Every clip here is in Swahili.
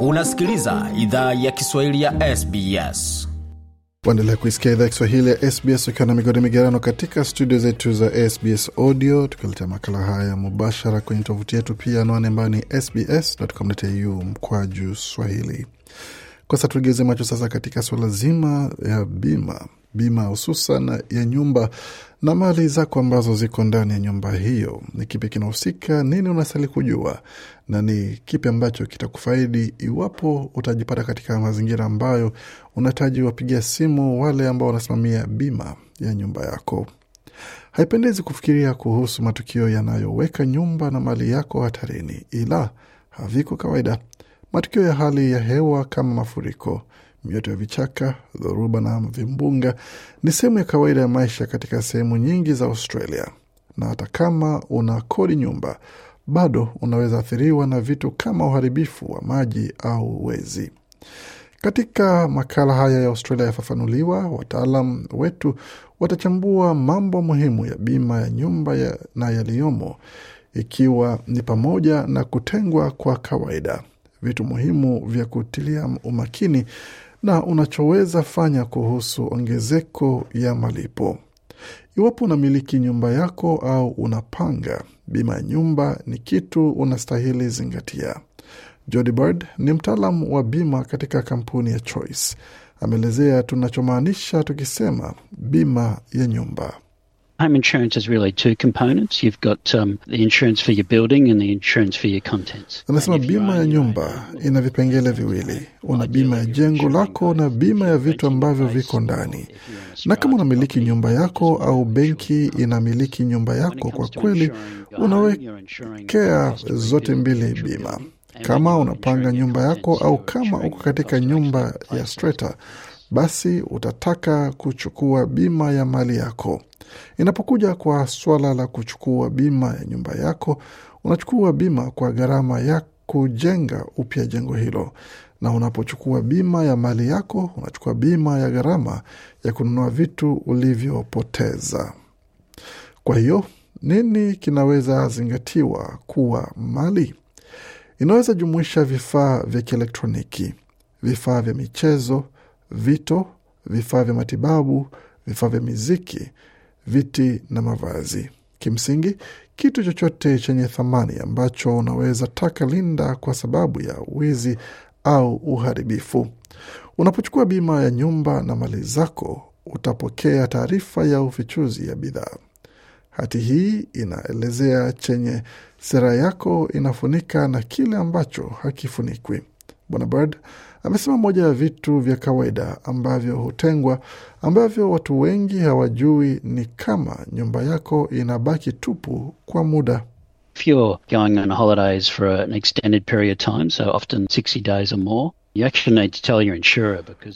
Unasikiliza idhaa ya Kiswahili ya SBS. Waendelea kuisikia idhaa ya Kiswahili ya SBS ukiwa na migodi migerano katika studio zetu za SBS Audio, tukiletea makala haya mubashara kwenye tovuti yetu pia, anwani ambayo ni sbs.com.au mkwaju swahili. Kwanza tugeuze macho sasa katika suala zima ya bima, bima hususan ya nyumba na mali zako ambazo ziko ndani ya nyumba hiyo. Ni kipi kinahusika? Nini unastahili kujua, na ni kipi ambacho kitakufaidi iwapo utajipata katika mazingira ambayo unahitaji wapigia simu wale ambao wanasimamia bima ya nyumba yako. Haipendezi kufikiria kuhusu matukio yanayoweka nyumba na mali yako hatarini, ila haviko kawaida Matukio ya hali ya hewa kama mafuriko, mioto ya vichaka, dhoruba na vimbunga ni sehemu ya kawaida ya maisha katika sehemu nyingi za Australia, na hata kama una kodi nyumba, bado unaweza athiriwa na vitu kama uharibifu wa maji au wezi. Katika makala haya ya Australia Yafafanuliwa, wataalam wetu watachambua mambo muhimu ya bima ya nyumba ya na yaliyomo, ikiwa ni pamoja na kutengwa kwa kawaida vitu muhimu vya kutilia umakini na unachoweza fanya kuhusu ongezeko ya malipo. Iwapo unamiliki nyumba yako au unapanga, bima ya nyumba ni kitu unastahili zingatia. Jody Bird ni mtaalam wa bima katika kampuni ya Choice. Ameelezea tunachomaanisha tukisema bima ya nyumba. Home insurance has really two components. You've got um, the insurance for your building and the insurance for your contents. Anasema bima ya nyumba ina vipengele viwili. Una bima ya jengo lako na bima ya vitu ambavyo viko ndani. Na kama unamiliki nyumba yako au benki inamiliki nyumba yako, kwa kweli unawekea zote mbili bima. Kama unapanga nyumba yako au kama uko katika nyumba ya strata basi utataka kuchukua bima ya mali yako. Inapokuja kwa swala la kuchukua bima ya nyumba yako, unachukua bima kwa gharama ya kujenga upya jengo hilo, na unapochukua bima ya mali yako, unachukua bima ya gharama ya kununua vitu ulivyopoteza. Kwa hiyo nini kinaweza zingatiwa kuwa mali? Inaweza jumuisha vifaa vya kielektroniki, vifaa vya michezo vito, vifaa vya matibabu, vifaa vya miziki, viti na mavazi. Kimsingi, kitu chochote chenye thamani ambacho unaweza taka linda kwa sababu ya wizi au uharibifu. Unapochukua bima ya nyumba na mali zako, utapokea taarifa ya ufichuzi ya bidhaa. Hati hii inaelezea chenye sera yako inafunika na kile ambacho hakifunikwi. Bwana Bird Amesema moja ya vitu vya kawaida ambavyo hutengwa ambavyo watu wengi hawajui ni kama nyumba yako inabaki tupu kwa muda. If you're going on holidays for an extended period of time, so often 60 days or more,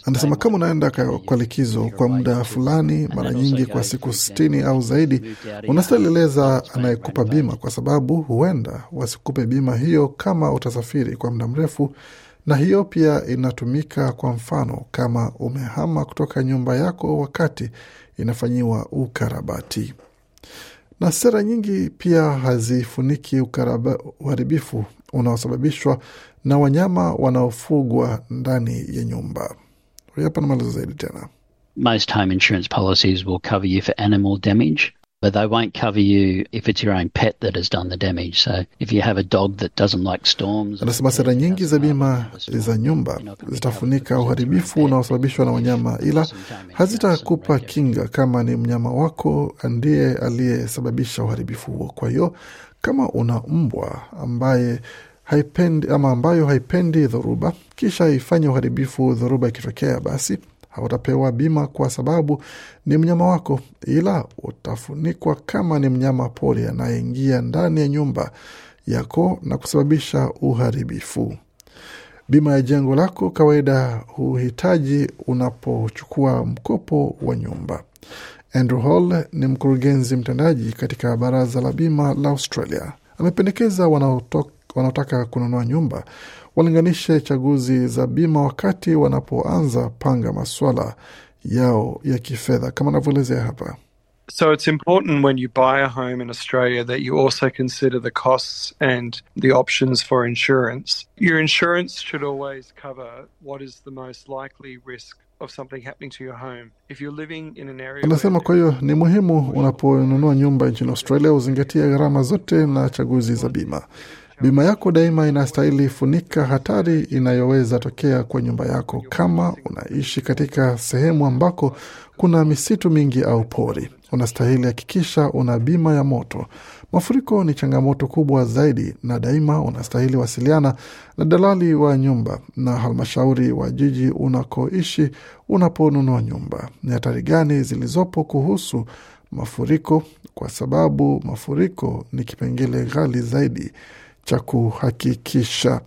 Anasema kama unaenda kwa likizo kwa muda fulani, mara nyingi kwa siku sitini au zaidi, unastalieleza anayekupa bima, kwa sababu huenda wasikupe bima hiyo kama utasafiri kwa muda mrefu. Na hiyo pia inatumika kwa mfano, kama umehama kutoka nyumba yako wakati inafanyiwa ukarabati. Na sera nyingi pia hazifuniki uharibifu unaosababishwa na wanyama wanaofugwa ndani ya nyumba. Hapa maelezo zaidi tena. Most home insurance policies will cover you for animal damage but they won't cover you if it's your own pet that has done the damage. So if you have a dog that doesn't like storms. Anasema sera nyingi za uh, bima za nyumba zitafunika uharibifu unaosababishwa na wanyama, ila hazitakupa kinga kama ni mnyama wako ndiye aliyesababisha uharibifu huo. Kwa hiyo kama una mbwa ambaye haipendi ama ambayo haipendi dhoruba, kisha ifanye uharibifu dhoruba ikitokea, basi hautapewa bima kwa sababu ni mnyama wako, ila utafunikwa kama ni mnyama pori anayeingia ndani ya nyumba yako na kusababisha uharibifu. Bima ya jengo lako kawaida huhitaji unapochukua mkopo wa nyumba. Andrew Hall ni mkurugenzi mtendaji katika baraza la bima la Australia, amependekeza wanaotaka kununua nyumba walinganishe chaguzi za bima wakati wanapoanza panga masuala yao ya kifedha, kama anavyoelezea hapa. So it's important when you buy a home in Australia that you also consider the costs and the options for insurance. Your insurance should always cover what is the most likely risk Anasema kwa hiyo ni muhimu unaponunua nyumba nchini Australia uzingatie gharama zote na chaguzi za bima. Bima yako daima inastahili funika hatari inayoweza tokea kwa nyumba yako kama unaishi katika sehemu ambako kuna misitu mingi au pori. Unastahili hakikisha una bima ya moto Mafuriko ni changamoto kubwa zaidi, na daima unastahili wasiliana na dalali wa nyumba na halmashauri wa jiji unakoishi unaponunua nyumba, ni hatari gani zilizopo kuhusu mafuriko, kwa sababu mafuriko ni kipengele ghali zaidi cha kuhakikisha.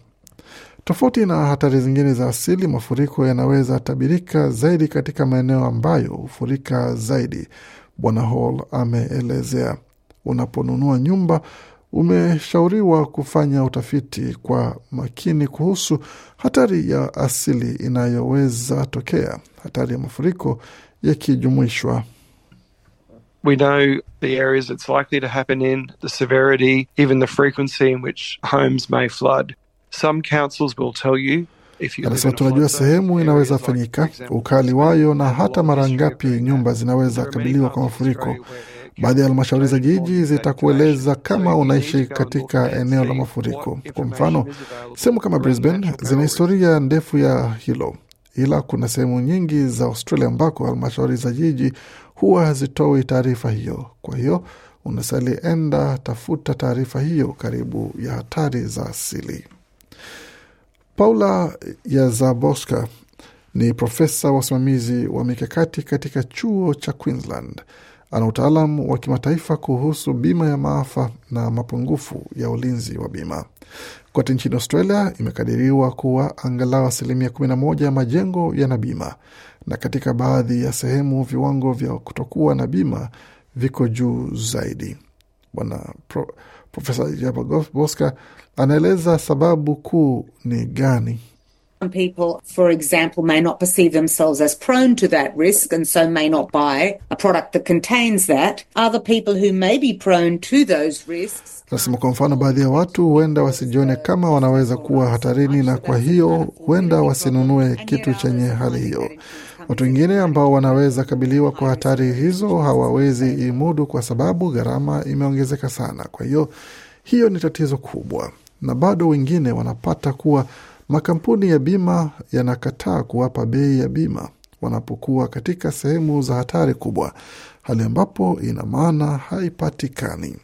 Tofauti na hatari zingine za asili, mafuriko yanaweza tabirika zaidi katika maeneo ambayo hufurika zaidi, Bwana Hall ameelezea. Unaponunua nyumba, umeshauriwa kufanya utafiti kwa makini kuhusu hatari ya asili inayoweza tokea, hatari ya mafuriko yakijumuishwa. We know the areas it's likely to happen in, the severity, even the frequency in which homes may flood. Some councils will tell you Anasema tunajua sehemu inaweza fanyika, ukali wayo, na hata mara ngapi nyumba zinaweza kabiliwa kwa mafuriko. Baadhi ya halmashauri za jiji zitakueleza kama unaishi katika eneo la mafuriko. Kwa mfano, sehemu kama Brisbane zina historia ndefu ya hilo, ila kuna sehemu nyingi za Australia ambako halmashauri za jiji huwa hazitoi taarifa hiyo. Kwa hiyo unasali enda tafuta taarifa hiyo karibu ya hatari za asili. Paula Yazaboska ni profesa wa usimamizi wa mikakati katika chuo cha Queensland ana utaalamu wa kimataifa kuhusu bima ya maafa na mapungufu ya ulinzi wa bima. Kote nchini Australia imekadiriwa kuwa angalau asilimia 11 ya majengo yana bima, na katika baadhi ya sehemu viwango vya kutokuwa na bima viko juu zaidi. Bwana Pro, Profesa Jaboska anaeleza sababu kuu ni gani some people, for example, may not perceive themselves as prone to that risk and so may not buy a product that contains that. Other people who may be prone to those risks. Nasema kwa mfano, baadhi ya watu huenda wasijione kama wanaweza kuwa hatarini, na kwa hiyo huenda wasinunue kitu chenye hali hiyo. Watu wengine ambao wanaweza kabiliwa kwa hatari hizo hawawezi imudu kwa sababu gharama imeongezeka sana. Kwa hiyo hiyo ni tatizo kubwa, na bado wengine wanapata kuwa Makampuni ya bima yanakataa kuwapa bei ya bima wanapokuwa katika sehemu za hatari kubwa, hali ambapo ina maana haipatikani.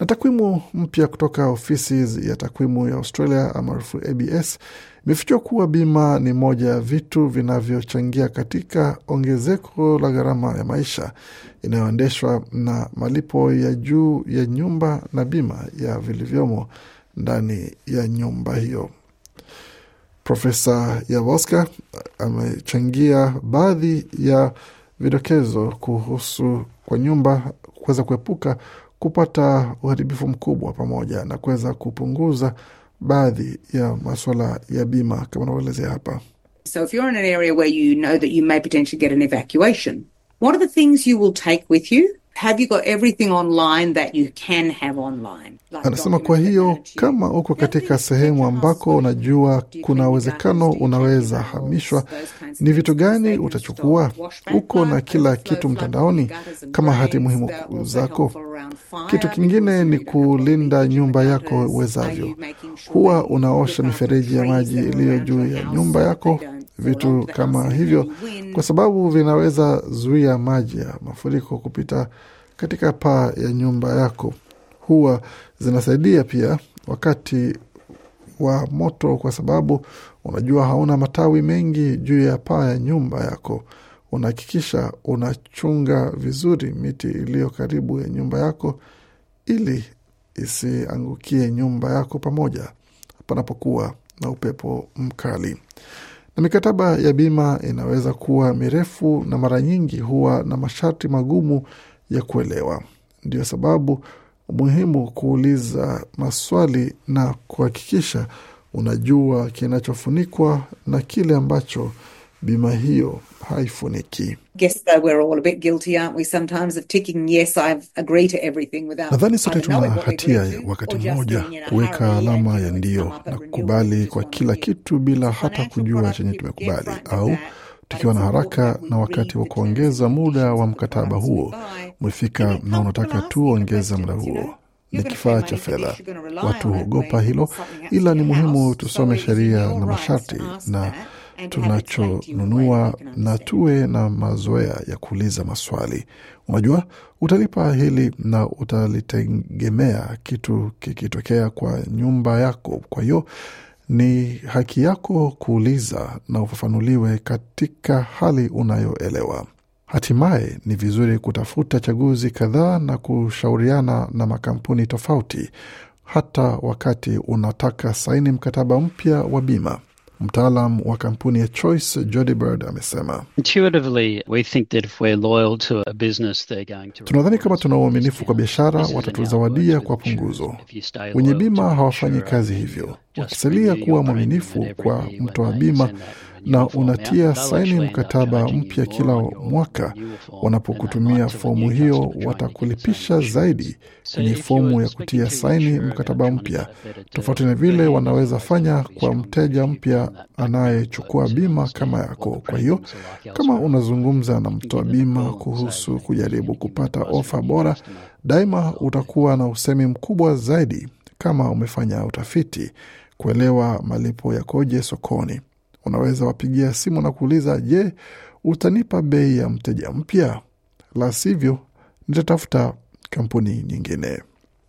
Na takwimu mpya kutoka ofisi ya takwimu ya Australia maarufu ABS imefichua kuwa bima ni moja ya vitu vinavyochangia katika ongezeko la gharama ya maisha inayoendeshwa na malipo ya juu ya nyumba na bima ya vilivyomo ndani ya nyumba hiyo. Profesa yavoska amechangia baadhi ya vidokezo kuhusu kwa nyumba kuweza kuepuka kupata uharibifu mkubwa pamoja na kuweza kupunguza baadhi ya masuala ya bima kama unavyoelezea hapa. So if you're in an area where you know that you may potentially get an evacuation, what are the things you will take with you? Anasema kwa hiyo kama uko katika sehemu ambako unajua kuna uwezekano unaweza hamishwa, ni vitu gani utachukua? Uko na kila kitu mtandaoni, kama hati muhimu zako. Kitu kingine ni kulinda nyumba yako uwezavyo. Huwa unaosha mifereji ya maji iliyo juu ya nyumba yako vitu kama hivyo, kwa sababu vinaweza zuia maji ya mafuriko kupita katika paa ya nyumba yako. Huwa zinasaidia pia wakati wa moto, kwa sababu unajua hauna matawi mengi juu ya paa ya nyumba yako. Unahakikisha unachunga vizuri miti iliyo karibu ya nyumba yako ili isiangukie nyumba yako pamoja panapokuwa na upepo mkali na mikataba ya bima inaweza kuwa mirefu na mara nyingi huwa na masharti magumu ya kuelewa. Ndiyo sababu muhimu kuuliza maswali na kuhakikisha unajua kinachofunikwa na kile ambacho bima hiyo haifuniki. Nadhani sote tuna hatia wakati mmoja kuweka alama ya ndio na kukubali kwa kila kitu bila hata kujua chenye tumekubali au tukiwa na haraka na wakati wa kuongeza muda wa mkataba huo umefika na unataka tu ongeza muda huo. Ni kifaa cha fedha, watu huogopa hilo, ila ni muhimu tusome sheria na masharti na tunachonunua na tuwe na mazoea ya kuuliza maswali. Unajua, utalipa hili na utalitegemea kitu kikitokea kwa nyumba yako. Kwa hiyo ni haki yako kuuliza na ufafanuliwe katika hali unayoelewa. Hatimaye ni vizuri kutafuta chaguzi kadhaa na kushauriana na makampuni tofauti hata wakati unataka saini mkataba mpya wa bima. Mtaalam wa kampuni ya Choice Jody Bird amesema tunadhani kama tuna uaminifu kwa biashara, watatuzawadia kwa punguzo. Wenye bima hawafanyi kazi hivyo, wakisalia kuwa mwaminifu kwa mtoa bima na unatia saini mkataba mpya kila mwaka. Wanapokutumia fomu hiyo, watakulipisha zaidi kwenye fomu ya kutia saini mkataba mpya, tofauti na vile wanaweza fanya kwa mteja mpya anayechukua bima kama yako. Kwa hiyo kama unazungumza na mtoa bima kuhusu kujaribu kupata ofa bora, daima utakuwa na usemi mkubwa zaidi kama umefanya utafiti kuelewa malipo yakoje sokoni. Unaweza wapigia simu na kuuliza, je, utanipa bei ya mteja mpya? La sivyo, nitatafuta kampuni nyingine.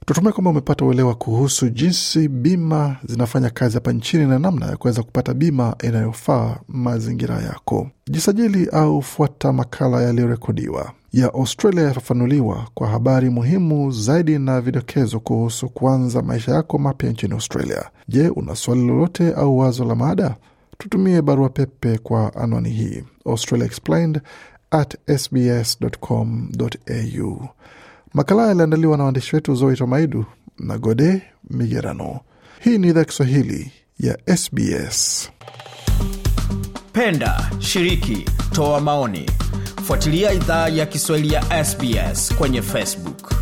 Tutumai kwamba umepata uelewa kuhusu jinsi bima zinafanya kazi hapa nchini na namna ya kuweza kupata bima inayofaa mazingira yako. Jisajili au fuata makala yaliyorekodiwa ya Australia yafafanuliwa kwa habari muhimu zaidi na vidokezo kuhusu kuanza maisha yako mapya nchini Australia. Je, una swali lolote au wazo la maada tutumie barua pepe kwa anwani hii Australia Explained at sbs.com.au. Makala yaliandaliwa na waandishi wetu Zoe Tomaidu na Gode Migerano. Hii ni idhaa Kiswahili ya SBS. Penda, shiriki, toa maoni, fuatilia idhaa ya Kiswahili ya SBS kwenye Facebook.